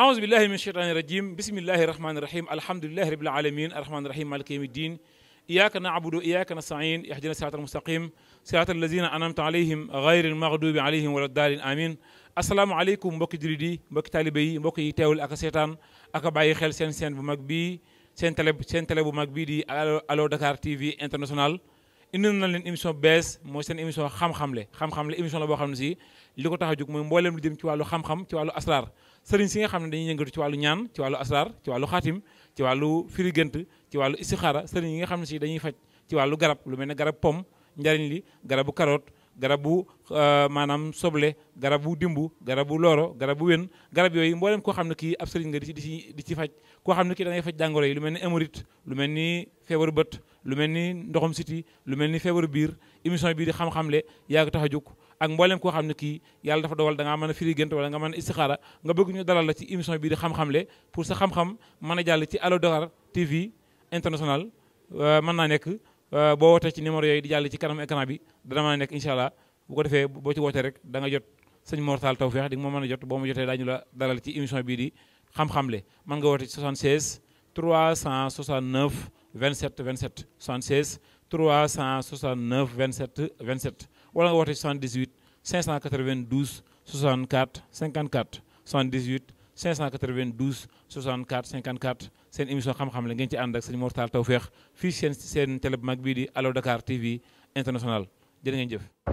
aouzu billahi min sheytaani rajim bismillahi rahmaani rahim alhamdulilahi rabil alamin arrahmaani rahim maliki yawmi din iyyaka na'budu wa iyyaka nasta'in ihdina siraatal mustaqim siraatal lazina an'amta alayhim ghayril maghdubi alayhim waladdaalin amin asalaamaaleykum mbokki jullit yi mbokki taalibe yi mbokk yi teewul ak a seetaan ak a bàyyi xel seen seen bu mag bii seen télé seen télé bu mag bii di Allo Dakar TV International indi na leen émission bees mooy seen émission xam-xamle xam-xamle émission la boo xam ne si li ko tax a jóg mooy mbooleem lu jëm ci wàllu xam-xam ci wàllu asrar sëriñ si nga xam ne dañuy yëngatu ci wàllu ñaan ci wàllu asrar ci wàllu xaatim ci wàllu firi gént ci wàllu istixaara sëriñ yi nga xam ne si dañuy faj ci wàllu garab lu mel ne garab pomme njariñ li garabu carotte garabu euh, maanaam soble garabu dimbu garabu looro garabu wen garab yooyu mboolem koo xam ne kii ab sëriñ nga di ci di ci di ci faj koo xam ne kii da ngay faj jàngoro yi lu mel ni émorite lu mel ni feebaru bët lu mel ni ndoxum siti lu mel ni feebaru biir émission bii di xam-xamle yaa ko tax a jóg ak mboolem koo xam ne kii yàlla dafa dogal da ngaa mën a firi gént wala nga mën a istixaara nga bëgg ñu dalal la ci émission bii di xam-xamle pour sa xam-xam mën a jàll ci Allo Dakar TV international euh, mën naa nekk Euh, boo wootee ci numéro yooyu di jàll ci kanam écran bi dana mën a nekk incha allah bu ko defee boo ci wootee rek da nga jot sëñ Mor Tall Tawfekh di nga ma mën a jot boo ma jotee daañu la dalal ci émission bii di xam le mën nga woote ci 76 369 27 27 76 369 27 27 wala nga woote ci 78 592 64 54 78 592 64 54 seen émission xam-xam la ngeen ci ànd ak sëñ Mortal Tawfekh fii seen seen télé bu mag bii di Allo Dakar TV international jërë ngeen jëf.